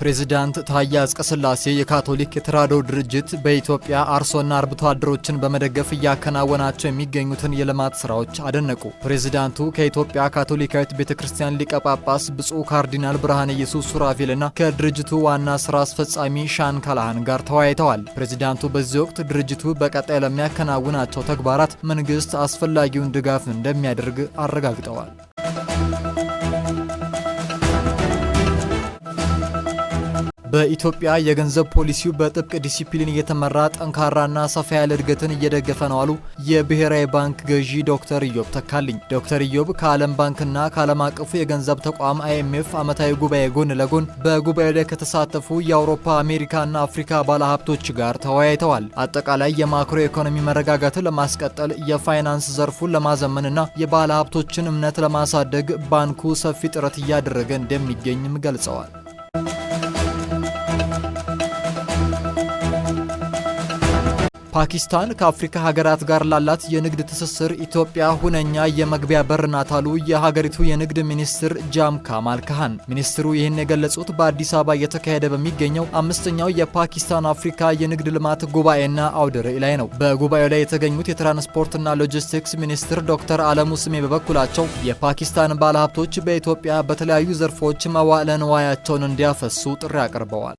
ፕሬዚዳንት ታዬ አጽቀሥላሴ የካቶሊክ የተራድኦ ድርጅት በኢትዮጵያ አርሶና አርብቶ አደሮችን በመደገፍ እያከናወናቸው የሚገኙትን የልማት ስራዎች አደነቁ። ፕሬዚዳንቱ ከኢትዮጵያ ካቶሊካዊት ቤተ ክርስቲያን ሊቀ ጳጳስ ብፁዕ ካርዲናል ብርሃነ ኢየሱስ ሱራፌልና ከድርጅቱ ዋና ስራ አስፈጻሚ ሻን ካላሃን ጋር ተወያይተዋል። ፕሬዚዳንቱ በዚህ ወቅት ድርጅቱ በቀጣይ ለሚያከናውናቸው ተግባራት መንግስት አስፈላጊውን ድጋፍ እንደሚያደርግ አረጋግጠዋል። በኢትዮጵያ የገንዘብ ፖሊሲው በጥብቅ ዲሲፕሊን እየተመራ ጠንካራና ሰፋ ያለ እድገትን እየደገፈ ነው አሉ የብሔራዊ ባንክ ገዢ ዶክተር ኢዮብ ተካልኝ። ዶክተር ኢዮብ ከዓለም ባንክና ከዓለም አቀፉ የገንዘብ ተቋም አይኤምኤፍ ዓመታዊ ጉባኤ ጎን ለጎን በጉባኤው ላይ ከተሳተፉ የአውሮፓ አሜሪካና አፍሪካ ባለሀብቶች ጋር ተወያይተዋል። አጠቃላይ የማክሮ ኢኮኖሚ መረጋጋትን ለማስቀጠል የፋይናንስ ዘርፉን ለማዘመንና የባለሀብቶችን እምነት ለማሳደግ ባንኩ ሰፊ ጥረት እያደረገ እንደሚገኝም ገልጸዋል። ፓኪስታን ከአፍሪካ ሀገራት ጋር ላላት የንግድ ትስስር ኢትዮጵያ ሁነኛ የመግቢያ በር ናት አሉ የሀገሪቱ የንግድ ሚኒስትር ጃም ካማል ሚኒስትሩ ይህን የገለጹት በአዲስ አበባ እየተካሄደ በሚገኘው አምስተኛው የፓኪስታን አፍሪካ የንግድ ልማት ጉባኤና አውደ ርዕይ ላይ ነው። በጉባኤው ላይ የተገኙት የትራንስፖርትና ሎጂስቲክስ ሚኒስትር ዶክተር አለሙ ስሜ በበኩላቸው የፓኪስታን ባለሀብቶች በኢትዮጵያ በተለያዩ ዘርፎች መዋዕለ ንዋያቸውን እንዲያፈሱ ጥሪ አቅርበዋል።